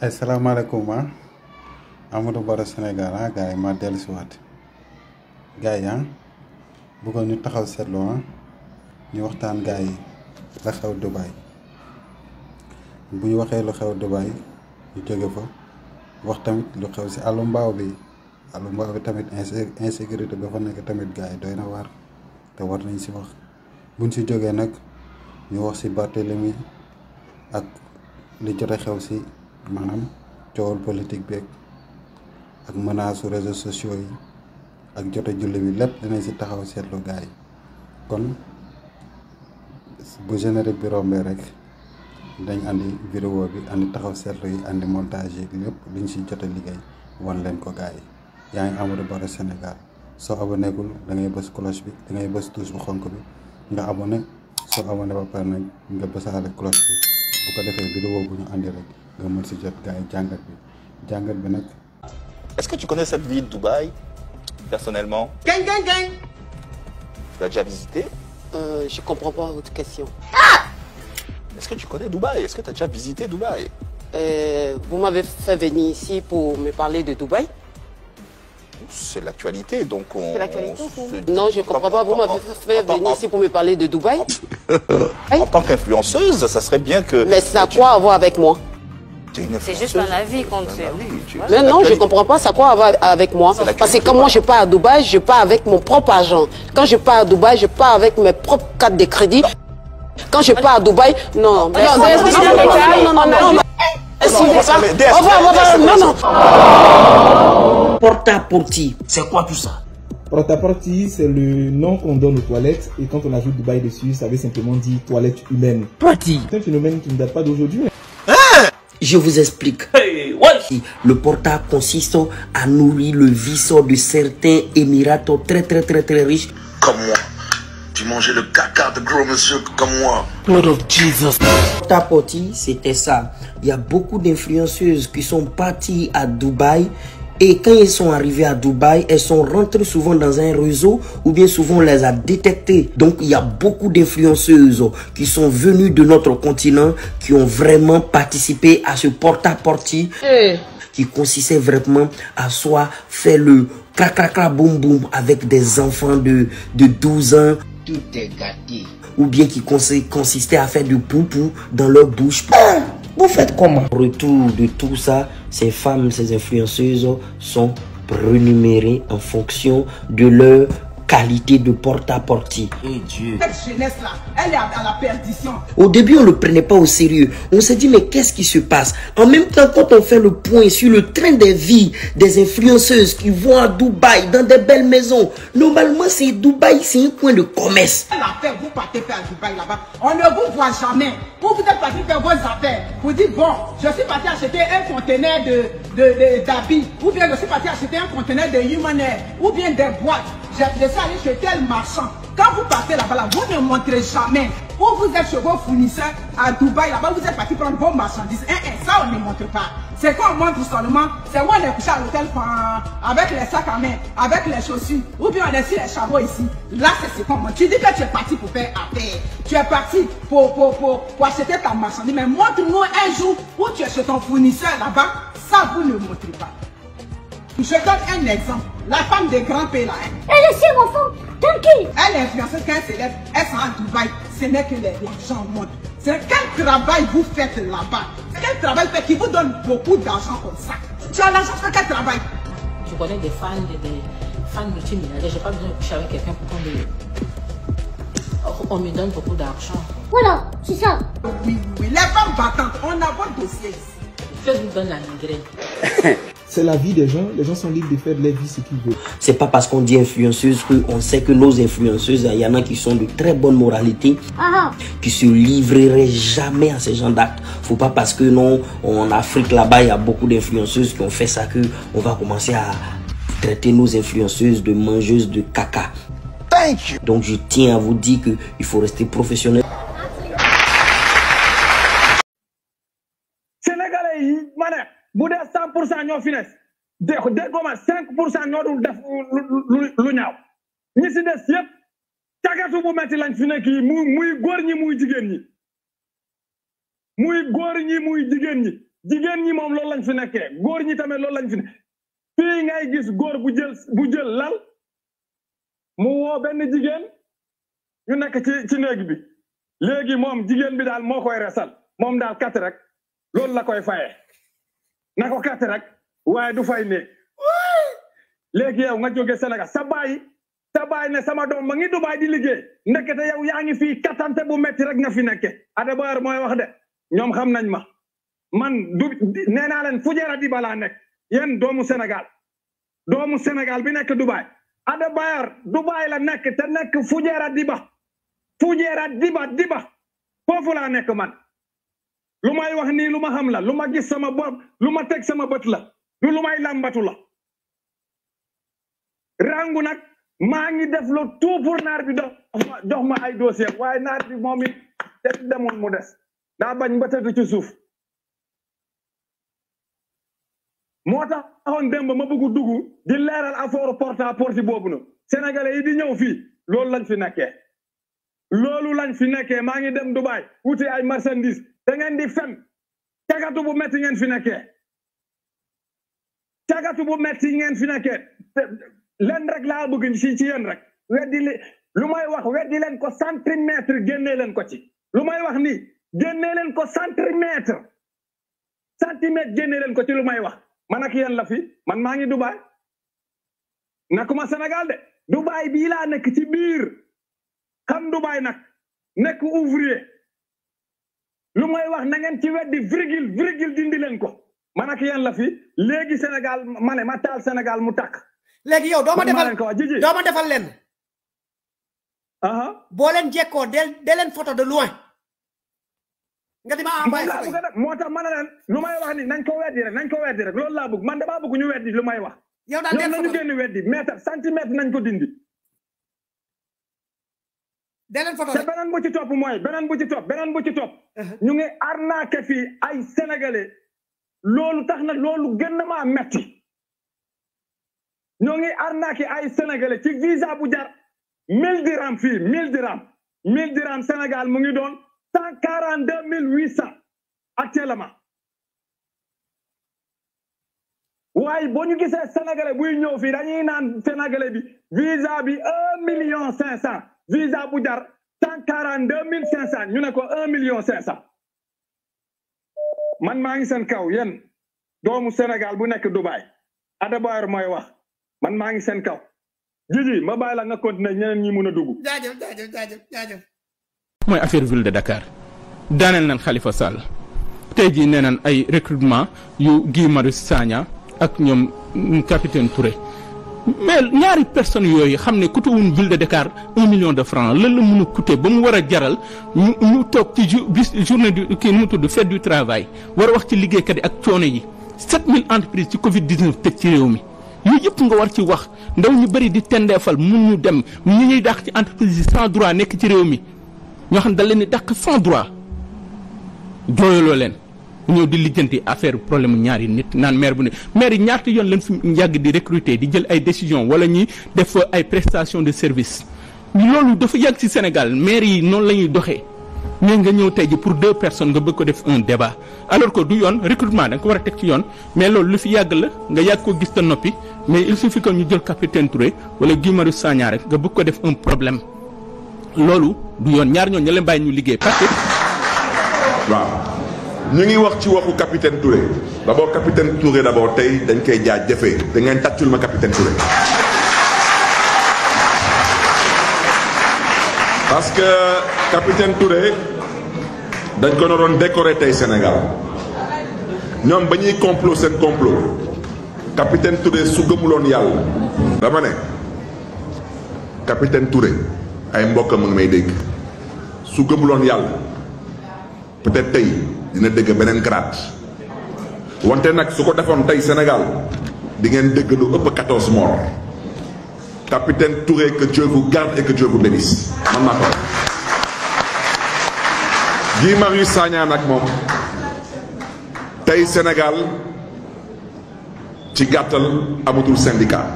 Assalamualaikum, ma Amadou Baro Sénégal ah gars yi ma dellusiwaat wat yi ah bëggoon ñu taxaw seetlu ha ah, ñu waxtaan gay Dubai, la xew dubai bu ñu lu xew dubai ñu jóge fa wax tamit lu xew si alu mbaaw bi alu mbaaw bi tamit insécurité ba fa nek tamit gay doyna war war nañ si wax buñ ci jógee nak ñu wax si Barthélemy ak li jot xew si. maanaam coowal politique beeg ak menace réseaux sociaux yi ak jote julli bi lépp dinañ si taxaw seetlu gars yi kon bu générique bi rombee rek dañ andi vidéo bi andi taxaw seetlu yi andi montage yi lépp liñ si jote liggéey wan leen ko gars yi yaa ngi a Baro Sénégal soo abonnékul da ngay bës cloche bi da bës touche bu xonk bi nga abonné soo abonné ba pare nag nga bësaale cloche bi bu ko defee vidéo bu ñu andi rek est-ce que tu connais cette ville de Dubaï personnellement. Gang, gang, gang! tu l'as déjà visité. Je euh, je comprends pas votre question. Ah! Est-ce que tu connais Dubaï Est-ce que tu as déjà visité Dubaï euh, Vous m'avez fait venir ici pour me parler de Dubaï c'est l'actualité, donc on... Se... Non, je comprends pas. Vous m'avez fait venir ici pour me parler de Dubaï. en tant qu'influenceuse, ça serait bien que... Mais ça a quoi à voir avec moi c'est juste dans la vie qu'on fait. Mais non, je ne comprends pas. Ça quoi avec moi Parce que quand moi je pars à Dubaï, je pars avec mon propre argent. Quand je pars à Dubaï, je pars avec mes propres cartes de crédit. Quand je pars à Dubaï, non. Non, non, non, ah non. Non, non. c'est quoi tout ça Porta-porti, c'est le nom qu'on donne aux toilettes et quand on ajoute Dubaï dessus, ça veut simplement dire toilette humaine. Porti. C'est un phénomène qui ne date pas d'aujourd'hui. Hein. Je vous explique. le portail consiste à nourrir le vice de certains Émirats très très très très riches. Comme moi. Tu mangeais le caca de gros monsieur comme moi. Lord of Jesus. Ta c'était ça. Il y a beaucoup d'influenceuses qui sont parties à Dubaï et quand ils sont arrivés à Dubaï, elles sont rentrées souvent dans un réseau ou bien souvent on les a détectées. Donc il y a beaucoup d'influenceuses qui sont venues de notre continent, qui ont vraiment participé à ce porte à porte qui consistait vraiment à soit faire le cra boum boum avec des enfants de, de 12 ans. Tout est gâté. Ou bien qui consistait à faire du poupou dans leur bouche faites comment Retour de tout ça, ces femmes, ces influenceuses sont renumérées en fonction de leur qualité de porte-à-portier. Eh Dieu. Cette jeunesse-là, elle est à la perdition. Au début, on ne le prenait pas au sérieux. On s'est dit, mais qu'est-ce qui se passe En même temps, quand on fait le point sur le train des vies des influenceuses qui vont à Dubaï, dans des belles maisons, normalement, c'est Dubaï, c'est un point de commerce. L'affaire, vous partez faire à Dubaï là-bas, on ne vous voit jamais. Vous, vous êtes parti faire vos affaires. Vous dites, bon, je suis parti acheter un conteneur d'habits, de, de, ou bien je suis parti acheter un conteneur de human ou bien des boîtes que ça chez tel marchand. Quand vous partez là-bas, vous ne montrez jamais où vous êtes chez vos fournisseurs à Dubaï, là-bas, vous êtes parti prendre vos marchandises. Hein, hein, ça, on ne montre pas. C'est qu'on montre seulement, c'est où on est couché à l'hôtel euh, avec les sacs à main, avec les chaussures, ou bien on est sur les chapeaux ici. Là, c'est ce qu'on montre. Tu dis que tu es parti pour faire affaire. Tu es parti pour, pour, pour, pour acheter ta marchandise. Mais montre-nous un jour où tu es chez ton fournisseur là-bas. Ça, vous ne montrez pas. Je donne un exemple. La femme des grands pays là. Hein. Elle est chez mon femme, tranquille. Elle est influenceuse quand elle s'élève. Elle sera à Dubaï. Ce n'est que les gens C'est quel travail vous faites là-bas Quel travail fait qui vous donne beaucoup d'argent comme ça Tu as l'argent, fais quel travail Je connais des fans, des fans multimillionnaires. J'ai pas besoin de coucher avec quelqu'un pour qu'on me... Oh, on me donne beaucoup d'argent. Voilà, c'est ça. Oui, oui, les femmes battantes, on a votre dossier ici. vous donne la migraine. C'est la vie des gens. Les gens sont libres de faire de leur vie ce qu'ils veulent. C'est pas parce qu'on dit influenceuse qu'on sait que nos influenceuses, il hein, y en a qui sont de très bonne moralité, ah. qui se livreraient jamais à ce genre d'actes. Faut pas parce que non, en Afrique là-bas, il y a beaucoup d'influenceuses qui ont fait ça que on va commencer à traiter nos influenceuses de mangeuses de caca. Thank you. Donc je tiens à vous dire qu'il faut rester professionnel. ñoo fi des de deux comme cinq pour cent ñoo dul def lu ñaaw ñi si des yëpp cagatu bu metti lañ fi nekk yi muy muy góor ñi muy jigéen ñi muy góor ñi muy jigéen ñi jigéen ñi moom loolu lañ fi nekkee góor ñi tamit loolu lañ fi nekk fii ngay gis góor bu jël bu jël lal mu woo benn jigéen ñu nekk ci ci néeg bi léegi moom jigéen bi daal moo koy resal moom daal kat rek loolu la koy faye na ko kat rek waaye du fay ne léegi yow nga jóge senegal sa baay ne sama doom ma ngi Dubaay di liggéey ndekete yow yaa ngi fii kattante bu metti rek nga fi nekke Adebayor mooy wax de ñoom xam nañ ma man du nee naa leen Fujera Dibala nekk yéen doomu senegal doomu senegal bi nekk Dubaay Adebayor Dubaay la nekk te nekk Fujera Diba Fujera Diba Diba foofu laa nekk man lu may wax nii lu ma xam la lu ma gis sama bopp lu ma teg sama bët la du lu may làmbatu la rangu nag maa ngi def lo tout pour naar bi dox ma ay dossier waaye naar bi moom it te demoon mu des daa bañ ba tëdd ci suuf moo tax axoon démb ma bëgg dugg di leeral affaire porte à porte boobu na sénégalais di ñëw fii loolu lañ fi nekkee loolu lañ fi nekkee maa ngi dem Dubaay wuti ay marchandise da ngeen di fen cagatu bu metti ngeen fi nekkee cagatu bu metti yi ngeen fi nekkee leen rek laa bëgg si ci yéen rek weddi li lu may wax weddi leen ko centimètre génnee leen ko ci lu may wax ni génnee leen ko centimètre centimètre génnee leen ko ci lu may wax man ak yéen la fi man maa ngi Dubaay nekkuma Sénégal de Dubaay bii laa nekk ci biir xam Dubaay nag nekk ouvrier lu may wax na ngeen ci weddi virgule virgule dindi leen ko man ak fi léegi Sénégal ma ne ma taal Sénégal mu takk léegi yow doo ma defal doo ma defal lenn. boo leen jekkoo del de leen photo de loin. nga ma envoyé laa bëgg moo tax ma ne leen lu may wax ni nañ ko weddi rek nañ ko weddi rek loolu laa bëgg man damaa bëgg ñu weddi lu may wax. yow daal del photo ñoom nañu génn weddi mètre nañ ko dindi. beneen photo beneen bu ci topp mooy beneen bu ci topp beneen bu ci topp. ñu ngi arnaqué fi ay sénégalais. loolu tax na loolu gën na metti ñoo ngi arnaqué ay sénégalais ci visa bu jar 1000 dirham fi 1000 dirham 1000 dirham Sénégal mu ngi doon 142800 actuellement waaye bo ñu gisé sénégalais buy ñëw fi dañuy naan sénégalais bi visa bi 1 million 500 visa bu jar 142500 ñu ne ko 1 million 500 man maa ngi seen kaw yéen doomu Sénégal bu nekk du Dubaï Adebayor mooy wax man maa ngi seen kaw jiji ma bàyyi la nga continuer ñeneen ñi mën a dugg. jaajëf jaajëf jaajëf mooy affaire ville de Dakar daaneel nañ xalifa Sall tey jii nee nañ ay recrutement yu Guy Marius Sagna ak ñoom capitaine Touré. mais ñaari personnes yooyu xam ne coûté wuñ ville de Dakar un million de francs lan la mën a coûté ba mu war a jaral ñu ñu toog ci ju bis journée du kii nu mu tudd fête du travail war a wax ci liggéeykat yi ak coono yi 7000 entreprises ci Covid 19 teg ci réew mi. yooyu yëpp nga war ci wax ndaw ñu bëri di tendeefal mun ñu dem ñu ñuy dàq ci entreprise yi sans droit nekk ci réew mi ñoo xam ne da leen di dàq sans droit jooyaloo leen ñëw di lijjanti affaire problème ñaari nit naan maire bu ne maire yi ñaata yoon lañ fi yàgg di recruter di jël ay décision wala ñi def ay prestation de service loolu dafa yàgg ci Sénégal maire yi noonu la ñuy doxee mais nga ñëw tey ji pour deux personnes nga bëgg ko def un débat alors que du yoon recrutement da nga ko war a teg ci yoon mais loolu lu fi yàgg la nga yàgg ko gis te noppi mais il suffit que ñu jël capitaine Touré wala guimaru Marius rek nga bëgg ko def un problème loolu du yoon ñaar ñooñu ñu leen bàyyi ñu liggéey parce que waaw ñu ngi wax ci waxu capitaine Touré d'abord capitaine Touré d'abord tay dañ koy defé da ngeen tatchul ma capitaine Touré parce que capitaine Touré dañ ko noron décorer tay Sénégal ñom bañuy complot sen complot capitaine Touré su gëmulon yalla dama né capitaine Touré ay mbokam ngi may dégg su gëmulon yalla peut-être tay dina dégg beneen grade wante nag su ko defoon tey senegal di ngeen dégg lu ëpp 14 morts capitaine Touré que Dieu vous garde et que Dieu man maa ko Guy Marius Sagna nag moom tey senegal ci gàttal amatul syndicat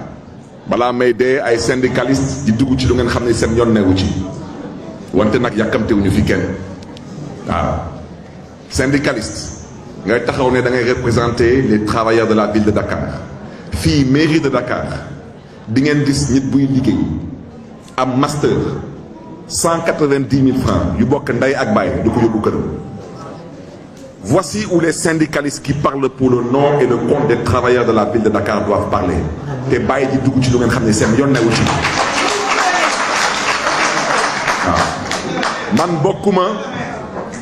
balaa may dee ay syndicaliste di dugg ci lu ngeen xam ne seen yoon newu ci wante nag yàkkamtewuñu fi kenn waaw syndicalistes, ngay les travailleurs de la ville de Dakar Fille mairie de Dakar di ngeen gis nit buy master 190 000 francs yu ak Voici où les syndicalistes qui parlent pour le nom et le compte des travailleurs de la ville de Dakar doivent parler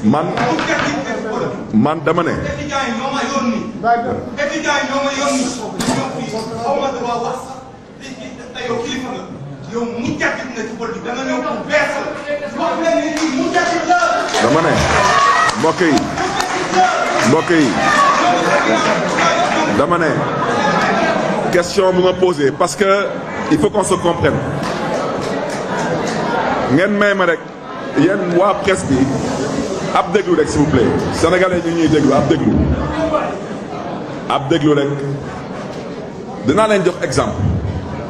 man man dama ne. question bu ma parce que il faut qu'on se comprenne ngène rek presse bi ab s'il vous plaît sénégalais ñu ñuy ab ab exemple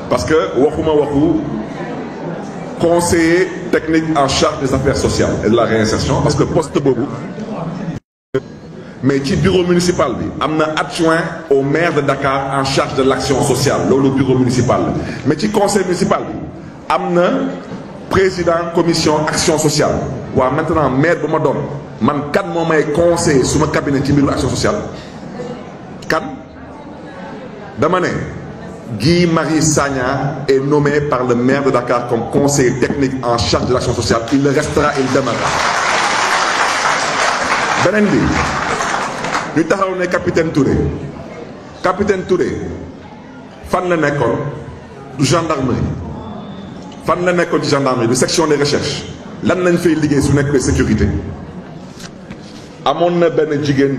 parce que waxuma Wakou conseiller technique en charge des affaires sociales et de la réinsertion parce que poste beaucoup. mais bureau municipal bi es adjoint au maire de Dakar en charge de l'action sociale le bureau municipal mais qui conseil municipal bi président président commission action sociale maintenant maire de ma Je man kan mo may sur suma cabinet de l'action action sociale kan dama Guy Marie Sagna est nommé par le maire de Dakar comme conseiller technique en charge de l'action sociale il le restera il demeurera Nous nous ñu taxaw ne capitaine Touré capitaine Touré fan de Nékon, du gendarmerie fan de l'école du gendarmerie de section des recherches lan lañ fay liggéey su nekk sécurité Amon na ben jigen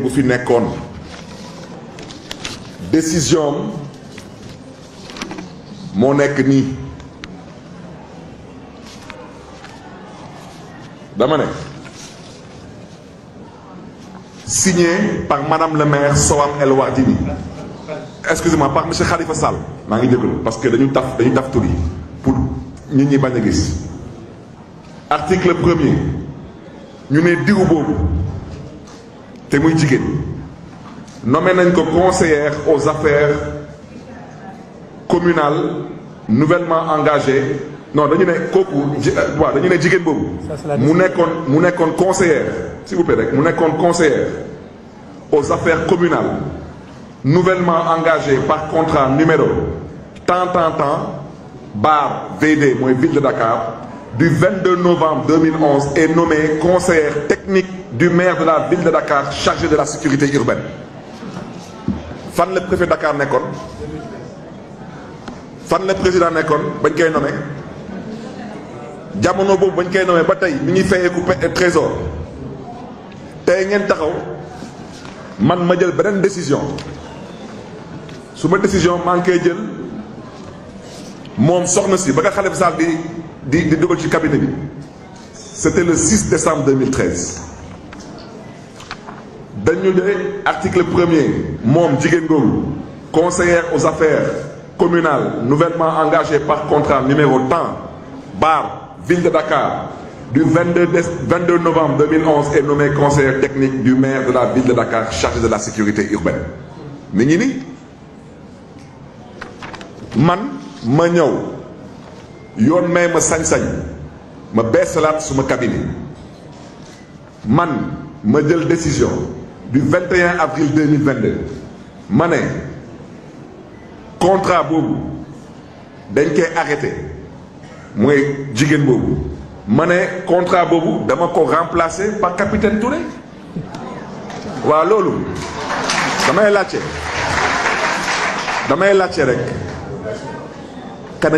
décision mon nekk dama signé par madame le maire Soam El Wadini. excusez-moi par monsieur Khalifa Sall ngi parce que dañu taf dañu taf pour ñi article 1. ñu ne diw Nous té muy jigen nommé nañ ko conseillère aux affaires communales nouvellement engagée non dañu sommes koku ji dañu né jigen bobu mu s'il vous plaît rek mu aux affaires communales nouvellement engagés par contrat numéro tant tant tant bar VD moy ville de Dakar du 22 novembre 2011 est nommé conseiller technique du maire de la ville de Dakar chargé de la sécurité urbaine. fan le préfet Dakar Nekon. fan le président Nekon, nommé jamono nommé trésor président man ma décision décision cabinet c'était le 6 décembre 2013 dañu article 1er, Mom conseillère aux affaires communales nouvellement engagée par contrat numéro 10, bar ville de Dakar du 22 novembre 2011 est nommée conseillère technique du maire de la ville de Dakar chargé de la sécurité urbaine Mignini, man ma yoon may sañ-sañ ma cabinet man ma jël décision du 21 avril 2022 Mané contrat je dañ koy arrêté suis Djigen boobu Mané contrat Bobu. dama ko remplacer par capitaine Touré waaw loolu damay Je suis je rek kana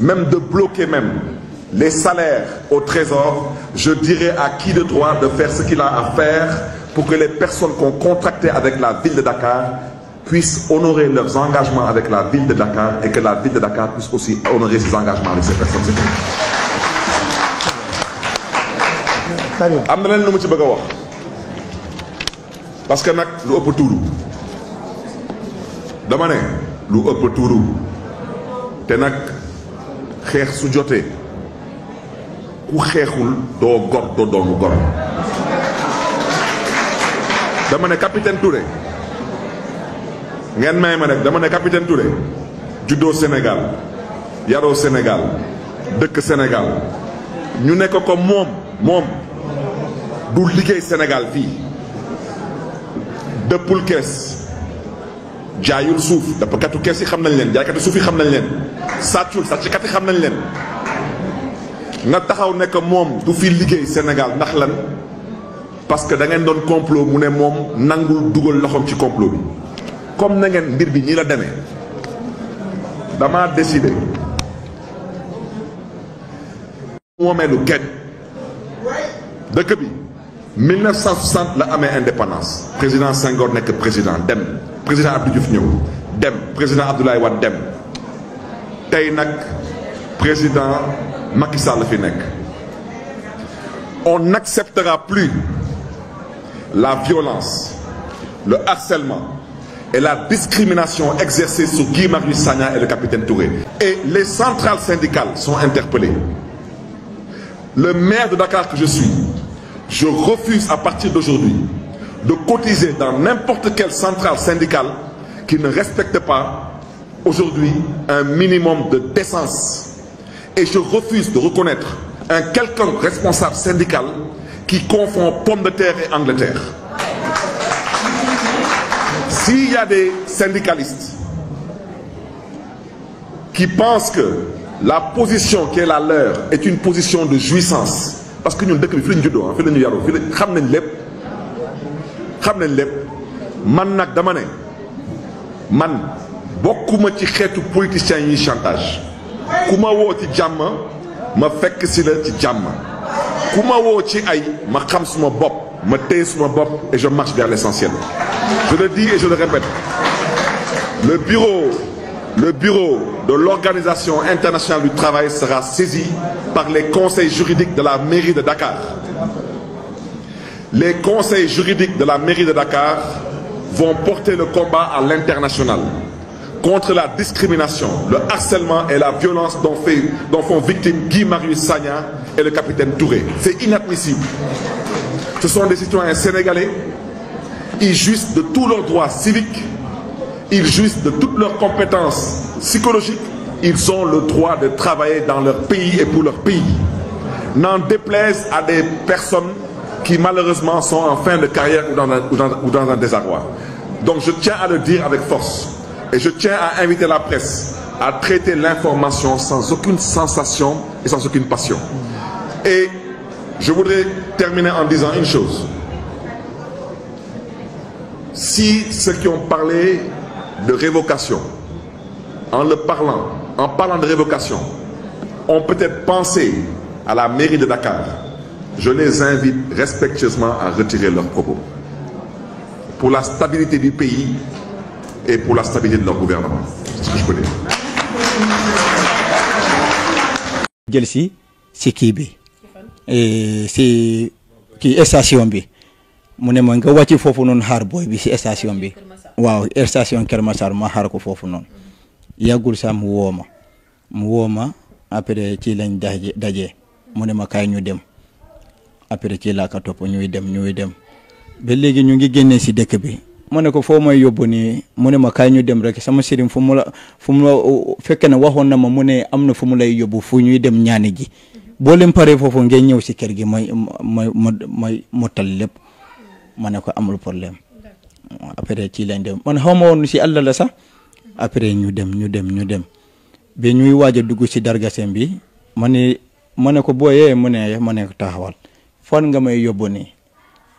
même de bloquer même les salaires au trésor, je dirais à qui le droit de faire ce qu'il a à faire pour que les personnes qui ont contracté avec la ville de Dakar puissent honorer leurs engagements avec la ville de Dakar et que la ville de Dakar puisse aussi honorer ses engagements avec ces personnes. parce que nous lu tout dama xeex su jotee ku xeexul doo gor doo doonu gor dama ne capitaine Touré ngeen may ma rek dama ne capitaine ture juddoo Sénégal yaroo Sénégal dëkk senegaal ñu nekk ko moom moom du liggéey Sénégal fii dëppul kees jaayul suuf nappkatu kees yi xam nañ leen jaaykatu suuf yi xam nañ leen sàccul sàcckat yi xam nañ leen nga taxaw nekk que moom du fi liggéey Sénégal ndax lan parce que da ngeen doon complot mu ne moom nangul dugal loxoom ci complot bi comme na ngeen mbir bi ñi la demee dama décidé moomeelu kenn dëkk bi 1960 la amee indépendance président Senghor nekk président dem président Abdou Diouf dem président Abdoulaye dem président Macky Sall on n'acceptera plus la violence le harcèlement et la discrimination exercée sur Guy Marius Sagna et le capitaine Touré. Et les centrales syndicales sont interpellées. Le maire de Dakar que je suis, je refuse à partir d'aujourd'hui de cotiser dans n'importe quelle centrale syndicale qui ne respecte pas aujourd'hui un minimum de décence. Et je refuse de reconnaître un quelconque responsable syndical qui confond Pomme de terre et Angleterre. S'il y a des syndicalistes qui pensent que la position qui est la leur est une position de jouissance, parce que nous, dès que nous xam lepp man nak dama ne man bokkuma ci xeetu politiciens yi chantage kuma ma woo ci ma fekk si la ci jamm kuma ma ci ay ma xam suma bop ma téy suma bop et je marche vers l'essentiel je le dis et je le répète le bureau le bureau de l'Organisation internationale du travail sera saisi par les conseils juridiques de la mairie de Dakar les conseils juridiques de la mairie de Dakar vont porter le combat à l'international contre la discrimination, le harcèlement et la violence dont, font victimes Guy Marius Sagna et le capitaine Touré. C'est inadmissible. Ce sont des citoyens sénégalais, ils jouissent de tous leurs droits civiques, ils jouissent de toutes leurs compétences psychologiques, ils ont le droit de travailler dans leur pays et pour leur pays. N'en déplaise à des personnes qui malheureusement sont en fin de carrière ou dans, un, un désarroi. Donc je tiens à le dire avec force et je tiens à inviter la presse à traiter l'information sans aucune sensation et sans aucune passion. Et je voudrais terminer en disant une chose. Si ceux qui ont parlé de révocation, en le parlant, en parlant de révocation, ont peut-être pensé à la mairie de Dakar, je les invite respectueusement à retirer leurs propos. Pour la stabilité du pays et pour la stabilité de leur gouvernement. C'est ce que je peux dire. c'est qui si et c'est qui station bi mu ne ma nga wàcc foofu noonu xaar booy bi si station bi waaw station Kermassar, ma xaar ko fofu non. yàggul sax mu woo ma mu après ci daje après ci laa topp ñuy dem ñuy dem ba léegi ñu ngi génnee si dëkk bi. ma ne ko foo may yóbbu nii mu ne ma kaay ñu dem rek sama sëriñ fu mu la fu mu la fekkee ne waxoon na ma mu ne am na fu mu lay yóbbu fu ñuy dem ñaani ji boo leen paree foofu ngeen ñëw si kër gi may may may mottal lépp ma ne ko amul problème après ci lañ dem man xaw ma woon si àll sax après ñu dem ñu dem ñu dem ba ñuy waaj dugg si dargaseem bi ma ne ma ne ko booyee mu ne ma ne ko taxawal. fan nga may yóbbu nii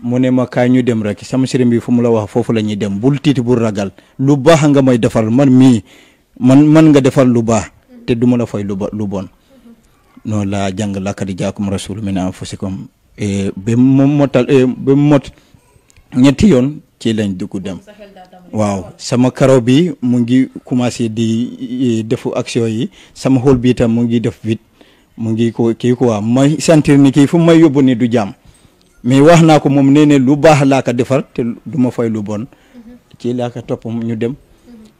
mu ne ma kaay ñu dem rek sama sëriñ bi fu mu la wax foofu la ñuy dem bul tiit bul ragal lu baax nga may defal man mii man man nga defal lu baax te du ma la fay lu ba lu bon noon laa jàng laqad jaakum rasul min ne ba mu motal e, ba mu mot ñetti yoon ci lañ dugg dem waaw sama karaw bi mu ngi commencé di e, defu action yi sama xol bi itam mu ngi def wit mu ngi ko kii quoi ma sentir ni kii fu may yóbbu ni du jàmm mais wax naa ko moom nee ne lu baax laa ko defar te du ma fay lu bon ci laa ko topp ñu dem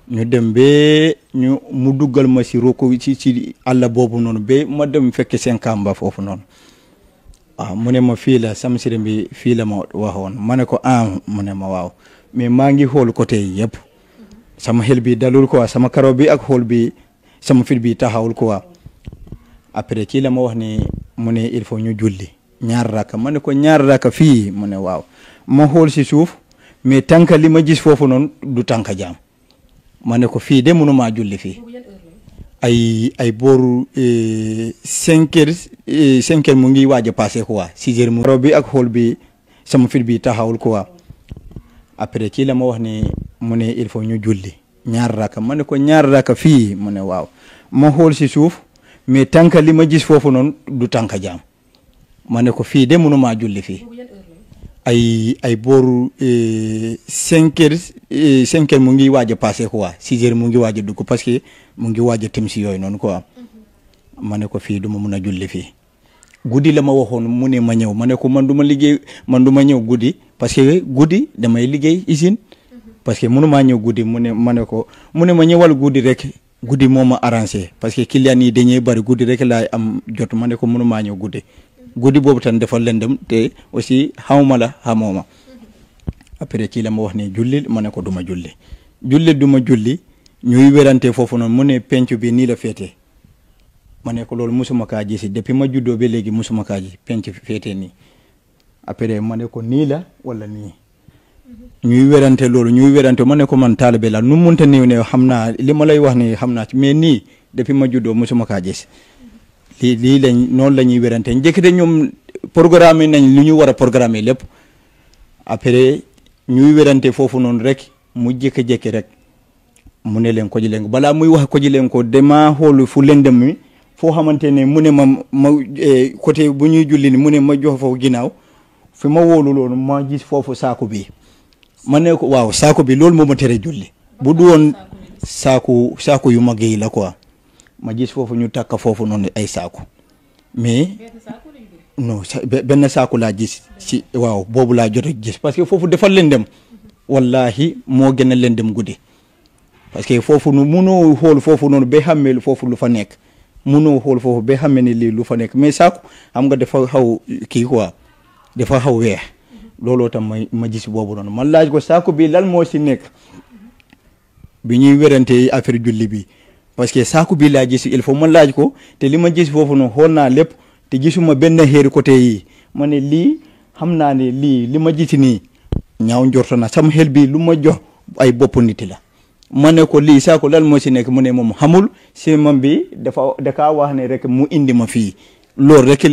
ñu dem ba ñu mu duggal ma si roko ci ci àll boobu noonu ba ma dem fekk seen kàmba foofu noonu waaw mu ne ma fii la sama sëriñ bi fii la ma waxoon ma ne ko ah mu ne ma waaw mais maa ngi xool côté yëpp sama xel bi dalul quoi sama karaw bi ak xool bi sama fit bi taxawul quoi après ci la ma wax ni mu ne il faut ñu julli ñaar rakka ma ne ko ñaar rakka fii mu ne waaw ma xool si suuf mais tànk li ma gis foofu noonu du tànk jaam ma ne ko fii de mënumaa julli fii ay ay booru eh, cinq heures eh, cinq mu ngi waaj a passé quoi six heures mu bi ak xool bi sama fit bi taxawul quoi après ci la ma wax ni mu ne il faut ñu julli ñaar rakka ma ne ko ñaar rakka fii mu ne waaw ma xool si suuf mais tànka li ma gis foofu noonu du tànka jaam ma ne ko fii de mënumaa julli fii ay ay booru eh, cinq heures eh, cinq heures mu ngi waaj a passé quoi six heures mu ngi waaj a dugg parce que mu ngi waaj a si yooyu noonu quoi mhm. ma ne ko fii du ma mun a julli fii guddi la ma waxoon mu ne ma ñëw ma ne ko man du ma liggéey man du ma ñëw guddi parce que guddi damay liggéey usine mhm. parce que mënumaa ñëw guddi mu ne ma ne ko mu ne ma ñëwal guddi rek guddi moo ma arrangé parce que client yi dañuy bari guddi rek laa am jot ma ne ko mënumaa ñëw guddi guddi boobu tan dafa lëndëm te aussi ma la xamoo ma après ci la ma wax ne julli ma ne ko duma julli julli duma julli ñuy werante foofu noonu mu ne penc bi nii la féete ma ne ko loolu musuma kaa ji si depuis ma juddoo ba léegi musuma kaa ji penc féete nii après ma ne ko nii la wala nii ñuy werante loolu ñuy werante ma ne ko man taalibe la nu mu mënta néew ne xam naa li ma lay wax nii xam naa ci mais nii depuis ma juddoo mosuma kaa gis lii lii lañ noonu la ñuy werante njëkkite ñoom programme nañ lu ñu war a programme lépp après ñuy werante foofu noonu rek mu jékki-jékki rek mu ne leen ko ji leen ko balaa muy wax ko ji leen ko damaa xool fu lëndëm mi foo xamante ne mu ne ma ma eh, côté bu ñuy julli ni mu ne ma jox ginnaaw fi ma wóolu loolu ma foofu saaku bi ma ne ko waaw saako bi loolu moom ma tere julli bu du woon saako saako yu mag yi la quoi ma gis foofu ñu takk foofu noonu ay saako mais non benn saako laa jis si waaw boobu laa jot jis parce que foofu defal dafa lëndëm wallahi moo gën a dem guddi parce que foofu nu munoo xool foofu noonu ba xàmmee foofu lu fa nekk munoo xool foofu ba xàmmee ne lii lu fa nekk mais saako xam nga dafa xaw kii quoi dafa xaw weex looloo tam may ma gis boobu noon man laaj ko saako bi lan moo si nekk bi ñuy werante affaire julli bi parce que saako bi laa gis il faut ma laaj ko te li ma gis foofu noonu xool naa lépp te gisuma benn xeer côté yi ma ne lii xam naa ne lii li ma gis nii ñaaw njort na sama xel bi lu ma jox ay bopp nit la ma ne ko lii saako lan moo si nekk mu ne moom xamul si mam bi dafa dakaa wax ne rek mu indi ma fii loolu rek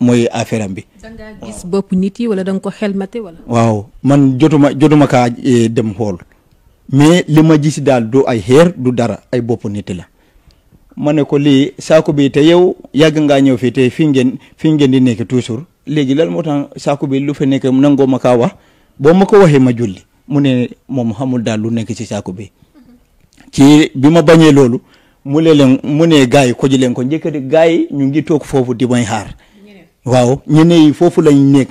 mooy affaire am bi. da ngaa gis bopp da nga ko xelmate wala. waaw man jotuma jotuma kaa eh, dem xool mais li ma gis daal du ay xeer du dara ay boppu nit la. ma ne ko lii saako bi te yow yàgg ngaa ñëw fii te fii ngeen fii ngeen di nekk toujours léegi lan moo tax saako bi lu fa nekk nangoo ma kaa wax boo ma ko waxee ma julli mu ne moom xamul daal lu nekk ci saako bi ci bi ma bañee loolu mu ne leen mu ne gars yi ko ji leen ko njëkkati gars yi ñu ngi toog foofu di may xaar. waaw ñu ne foofu lañ nekk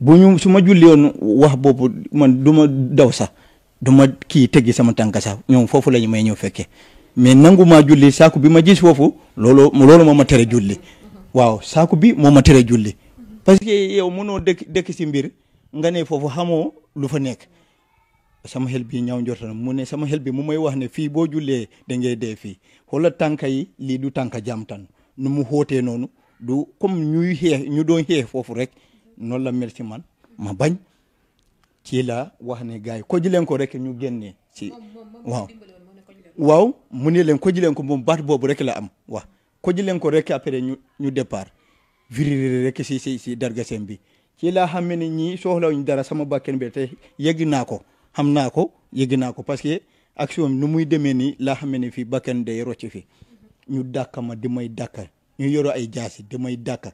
bu ñu su ma julli woon wax boobu man du ma daw sax du kii teggi sama tànk sax ñoom foofu la ñu may ñëw fekkee mais nangu maa julli saaku bi ma gis foofu loolu loolu ma tere julli waaw saaku bi moo ma tere julli parce que yow mënoo dëkk dëkk si mbir nga ne foofu xamoo lu fa nekk sama xel bi ñaaw njort na mu ne sama xel bi mu may wax ne fii boo jullee da ngay fii xoolal tànka yi lii du tànka jaam nu mu xóotee noonu du comme ñuy xeex ñu doon xeex foofu rek noonu la mel si man ma bañ ci la wax ne gars yi ko ji ko rek ñu génnee si waaw mu ne leen ko ji ko moom baat boobu rek la am waaw ko ji ko rek après ñu ñu départ viriri rek si si si dargaseem bi ci laa xam ne ñii soxlawuñ dara sama bàkken bi te yegg naa ko xam naa ko yegg naa ko parce que action nu muy demee nii laa xam ne fii bàkken day rocc fi ñu dàkka ma di may dàkka ñu yoroo ay jaasi damay dàkka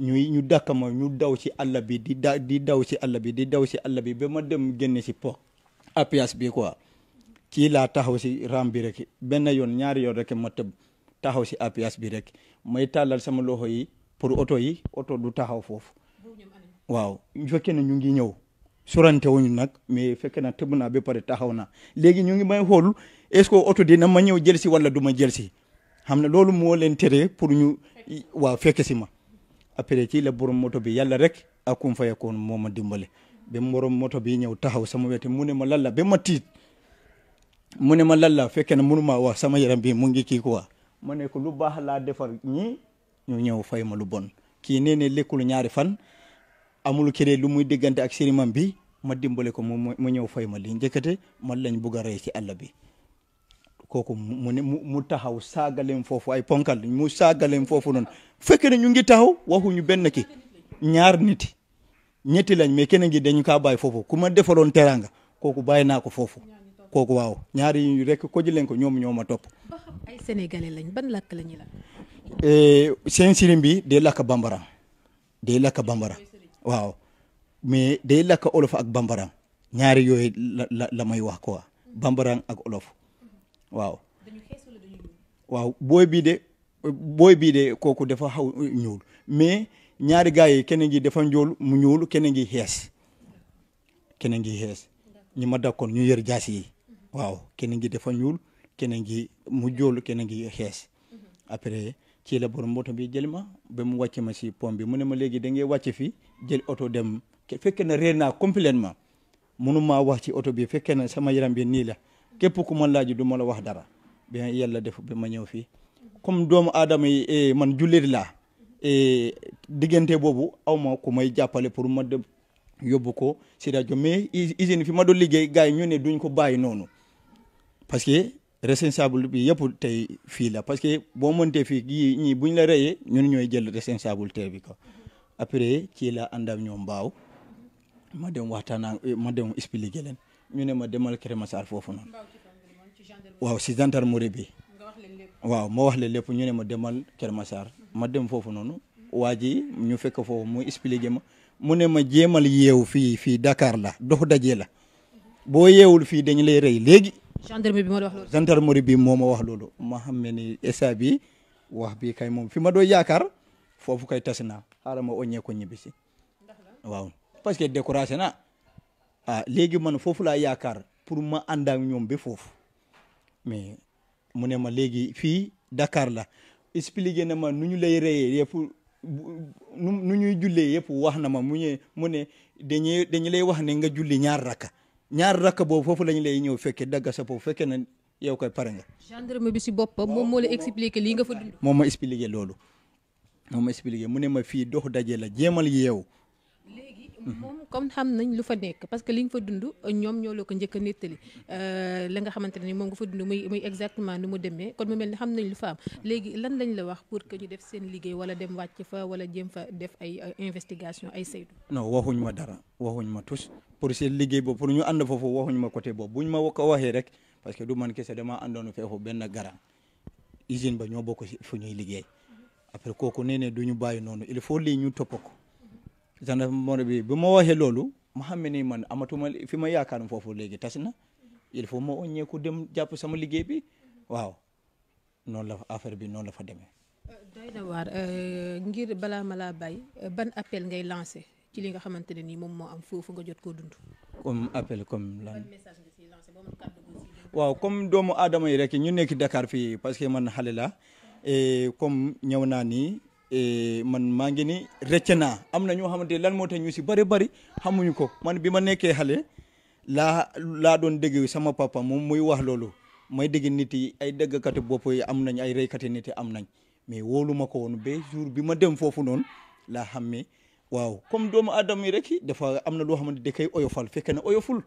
ñuy ñu dàkka ma ñu daw ci àll bi di da di daw ci àll bi di daw si àll bi ba ma dem génn ci po apias bi quoi ci laa taxaw si ram bi rek benn yoon ñaari yoon rek ma tëb taxaw si apias bi rek may tàllal sama loxo yi pour oto yi oto du taxaw foofu waaw fekkee na ñu ngi ñëw surante wuñu nag mais fekkee na tëb naa ba pare taxaw na léegi ñu ngi may xool est-ce que oto dina ma ñëw jël si wala du ma jël si xam ne loolu moo leen tere pour ñu waaw fekke si ma après ci la borom moto bi yàlla rek akum fa yakoon moo ma dimbale ba borom moto bi ñëw taxaw sama wete mu ne ma lalla ba ma tiit mu ne ma lalla fekke na mënuma wax sama yaram bi mu ngi kii quoi ma ne ko lu baax laa defar ñi ñu ñëw fay ma lu bon kii nee ne lekkul ñaari fan amul kere lu muy diggante ak sirimam bi ma dimbale ko mu mu ñëw fay ma li njëkkate man lañ bugg a rey ci bi kooku mu ne mu taxaw saagaleen foofu ay ponkal mu saagaleem foofu noonu fekkee ne ñu ngi taxaw waxuñu benn ki ñaar niti ñetti lañ mais keneen gi dañu kaa bàyyi foofu ku ma defaloon teraanga kooku bàyyi naa ko foofu kooku waaw ñaari rek ko jëleen ko ñoom ñoo ma topp. ba xam ay sénégalais ban làkk la ñuy làkk. seen eh, sirim bi day làkk bambara day làkk bambara waaw mais day làkk olof ak bambara ñaari yooyu la la la may wax quoi bambara ak olof. waaw. waaw booy bii de booy bii de kooku dafa xaw ñuul mais ñaari gars yi keneen gi dafa njool mu ñuul keneen ngi xees keneen ngi xees ñu ma dakkoon ñu yor jaas yi waaw keneen gi dafa ñuul keneen ngi mu jool keneen ngi xees mhm. après ci la borom moto bi jël ma ba mu wàcce ma si pont bi mu ne ma léegi da ngay wàcce fii jël oto dem fekke na réer naa complètement mënu maa wax ci oto bi fekkee na sama yaram bi nii la képp ku ma laaj du ma la wax dara bien yàlla def bi ma ñëw fii comme doomu aadama yi eh, man jullit laa eh, diggante boobu aw ma ku may jàppale pour ma dem yóbbu ko si rajo mais usine fi ma doon liggéey gars yi ñu ne duñ ko bàyyi noonu parce que responsable bi yëpp tey fii la parce que boo mëntee fii yii ñii buñ la reyee ñun ñooy jël responsabilité bi ko après ci la ànd ak ñoom baaw ma dem waxtaan ma dem expliqué leen ñu ne ma demal Kër Masar foofu noonu waaw si gendarmerie bi waaw ma wax leen lépp ñu ne ma demal Kër Masar ma dem foofu noonu waa ji ñu fekk foofu mu expliqué ma mu ne ma jéemal yeewu fii fii Dakar la dox daje la boo yeewul fii dañu lay rey léegi. gendarmerie bi moo bi moo ma wax loolu ma xam ni esa bi wax bi kay moom fi ma doon yaakaar foofu kay tas naa ma oññee ko ñibbisi waaw parce que découragé ah léegi man foofu laa yaakaar pour ma ànd ak ñoom bi foofu mais mu ne ma léegi fii Dakar la expliqué na ma nu ñu lay reyee yëpp nu ñuy jullee yëpp wax na ma mu ne mu ne dañuy dañu lay wax ne nga julli ñaar rakka ñaar rakka boobu foofu la lañu lay ñëw fekkee dagga sa boobu fekkee na yow koy pare nga. ma bi si boppam moom moo la expliqué lii nga fa dund. moom ma expliqué loolu moom ma expliqué mu ne ma fii dox daje la jéemal yeew. moom comme xam nañ lu fa nekk parce que li nga fa dund ñoom ñoo la ko njëkk a nettali euh, la nga xamante ne moom nga fa dund muy muy exactement ni mu demee kon mu mel ni xam nañ lu fa am léegi lan lañ la wax pour que ñu def seen liggéey wala dem wàcc fa wala jéem fa def ay investigation ay saytu non waxuñ ma dara waxuñ ma tous pour seen liggéey boobu pour ñu ànd foofu waxuñ ma côté boobu buñ ma ko waxee rek parce que du man kese dama àndoon feexu benn garant usine ba ñoo bokk fu ñuy liggéey après kooku nee ne du ñu bàyyi noonu il faut lii ñu topp ko gendarmerie bi bi ma waxee loolu ma xam ne man amatuma fi ma yaakaaroon foofu léegi tas na il faut ma oññeeku dem jàpp sama liggéey bi waaw noonu la affaire bi noon la fa demee. doy na waar euh, ngir balaa ma laa bàyyi ban appel ngay lancé ci li nga xamante ne nii moom moo am foofu nga jot ko dund. comme appel comme waaw comme doomu aadama yi rek ñu nekk Dakar fii parce que man xale la comme ñëw naa nii Eh, man maa ngi ni rëcc naa am na ñoo xamante lan moo tax ñu si bëri bëri xamuñu ko man bi ma nekkee xale laa laa doon dégg sama papa moom muy wax loolu may dégg nit yi ay dëggkati bopp yi am nañ ay reykati nit yi am nañ mais wóolu ma ko woon ba jour bi ma dem foofu noonu laa xam waaw comme doomu aadama yi rek dafa am na loo xamante da koy oyofal fekk oyoful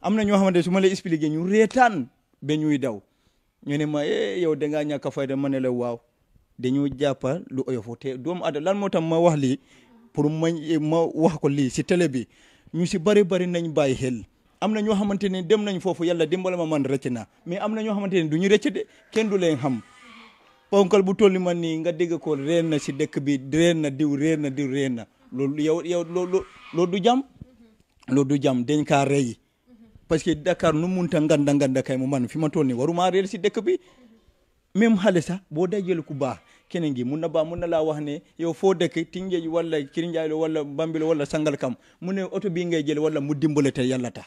am na ñoo xamante su ma lay expliqué ñu reetaan ba ñuy daw ñu ne ma eh yow dangaa ñàkk a fayda ma ne la waaw dañoo jàppa lu oyofu te doomu ada lan moo tax ma wax lii pour ma ma wax ko lii si télé bi ñu si bari bari nañ bàyyi xel am na ñoo xamante ne dem nañ foofu yàlla dimbala ma man rëcc na mais am na ñoo xamante ne du ñu rëcc de kenn du leen xam ponkal bu tolli ma nii nga dégg ko réer na si dëkk bi réer na diw réer na diw réer na loolu yow yow loolu loolu du jàmm loolu du jàmm dañ kaa rey parce que Dakar nu munta nganda nganda kay mu man fi ma toll nii waru maa réer si dëkk bi même xale sax boo dajale ku baax keneen gi mun na baax mun na laa wax ne yow foo dëkk Tingeej wala Kirinjaaylo wala Bambilo wala Sangalkam mu ne oto bii ngay jël wala mu dimbale te yàlla tax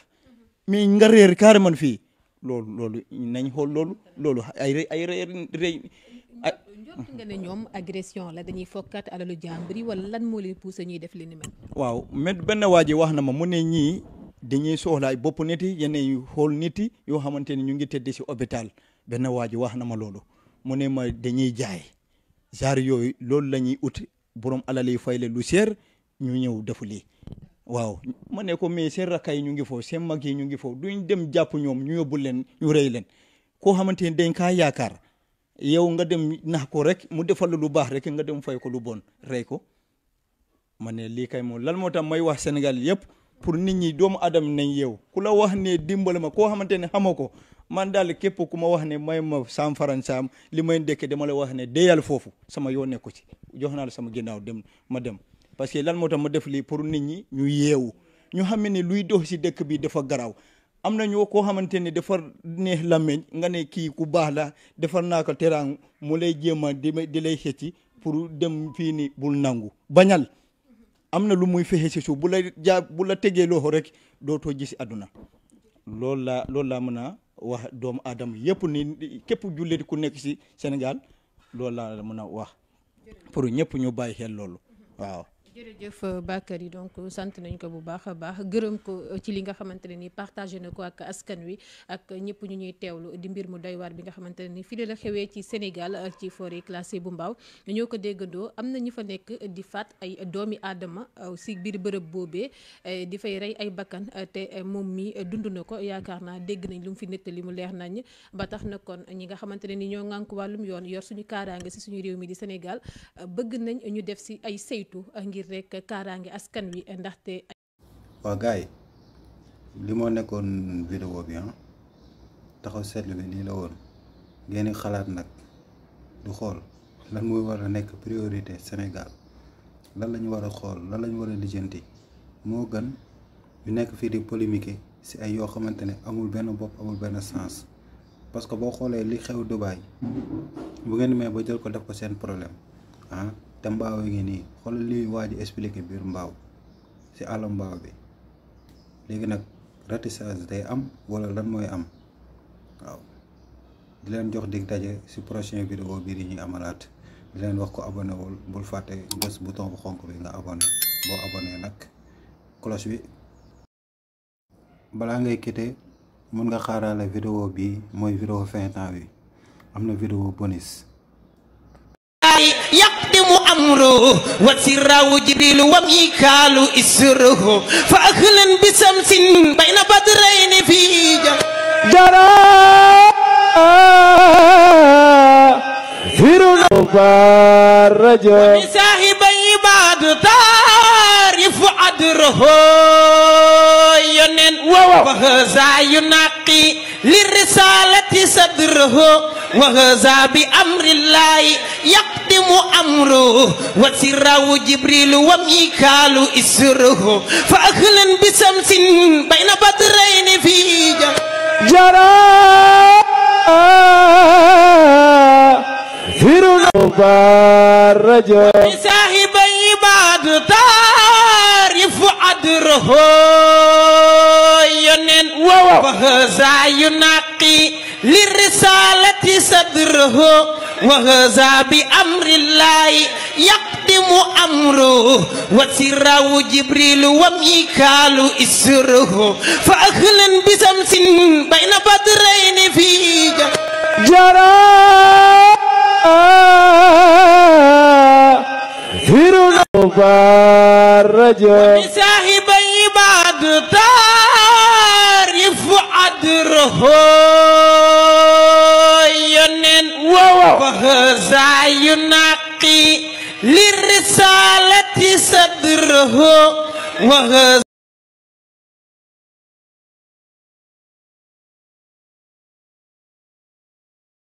mais nga réer carrément fii loolu loolu nañ xool loolu loolu ay ay réer réer njort nga ne ñoom agression la dañuy fokkat alalu jàmbur yi wala lan moo leen poussé ñuy def li ni mel. waaw mais waa ji wax na ma mu ne ñii dañuy soxlaay bopp nit yi yenn xool nit yi yoo xamante ni ñu ngi tëdd si hôpital benn waa ji wax na ma loolu. mu ne ma dañuy jaay genre yooyu loolu la ñuy ut borom alal yi fay la lu seer ñu ñëw defu lii waaw ma ne ko mais seen rakka yi ñu ngi foofu seen mag yi ñu ngi foofu duñ dem jàpp ñoom ñu yóbbu leen ñu rey leen koo xamante ne dañ kaa yaakaar yow nga dem nax ko rek mu defal lu baax rek nga dem fay ko lu bon rey ko ma ne lii kay moom lan moo tax may wax Sénégal yëpp pour nit ñi doomu aadama nañ yow ku la wax ne dimbali ma koo xamante ne xamoo ko man daal képp ku ma wax ne may ma saam faran saam li may ndekke dama la wax ne deyal foofu sama yoo nekku ci jox naa la sama ginnaaw dem ma dem parce que lan moo tam ma def lii pour nit ñi ñu yeewu ñu xam ne luy dox si dëkk bi dafa garaw am na ñoo koo xamante ne dafa neex nga ne kii ku baax la defar naa ko teraangu mu lay jéem a di lay xëcci pour dem fii ni bul nangu bañal am na lu muy feexe si suuf bu la jaa bu la tegee loxo rek dootoo gis àdduna loolu laa loolu laa mën a wax doomu aadama yëpp ni képp jullit ku nekk si Sénégal loolu laa la mën a wax pour ñëpp ñu bàyyi xel loolu waaw. jërëjëf euh, yi donc euh, sant nañ ko bu baax a baax gërëm ko euh, ci li nga xamante ne ni partagé na ko ak askan wi ak ñëpp ñu ñuy teewlu di mbir mu doy bi nga xamante nii ni fi la xewee ci Sénégal ci forêt classée bu Mbao ñoo ko déggandoo am na ñu fa nekk di faat ay doomi aadama si biir bërëb boobee di fay rey ay bakkan te moom mii dund na ko yaakaar naa dégg nañ lu mu fi nettali mu leer nañ ba tax na kon ñi nga xamante ne ni ñoo ŋànk wàllum yoon yor suñu kaaraange si suñu réew mi di Sénégal bëgg nañ ñu def si ay saytu ngir rek karangi askan wi ndaxte. waa gars yi li moo nekkoon vidéo bi han ah, taxaw setlu bi la won ngeen xalat nak du xol lan moy wara nek priorité Sénégal lan la wara xol lan la wara lijeenti mo lijjanti gën ñu nek fi di polémique si ay yo xamantene amul ben bop amul ben sens parce que bo xolé li xew dubai bu ngeen me ba jël ko def ko sen problème han ah, te mbaaw yi ngi nii xoolal li waa expliqué biir mbaaw si àll mbaaw bi léegi nag ratissage day am wala lan mooy am waaw di leen jox dig daje si prochain vidéo bii di ñuy amalaat di leen wax ko abonewul bul fàtte bés bouton bu xonk bi nga abonné boo abonné nag cloche bi balaa ngay quitté mën nga xaaraale vidéo bii mooy vidéo fin bi am na vidéo bonus الله يقدم أمره وسره جبريل وميكال إسره فأخلا بشمس بين بدرين في جرى فرنا مبارج ومساهب عباد تعرف عدره ينن وهذا ينقي للرسالة صدره وهذا بأمر الله يقدم أمره وسره جبريل وميكال إسره فأخلا بشمس بين بدرين في جرى هرنا مبارج صاحب عباد تعرف عدره ينن وهذا ينقي للرسالة صدره وهذا وسراو جبريل وميكال إسره فأخلا بسمس بين بدرين في جرى هرنا مبارجة 我和。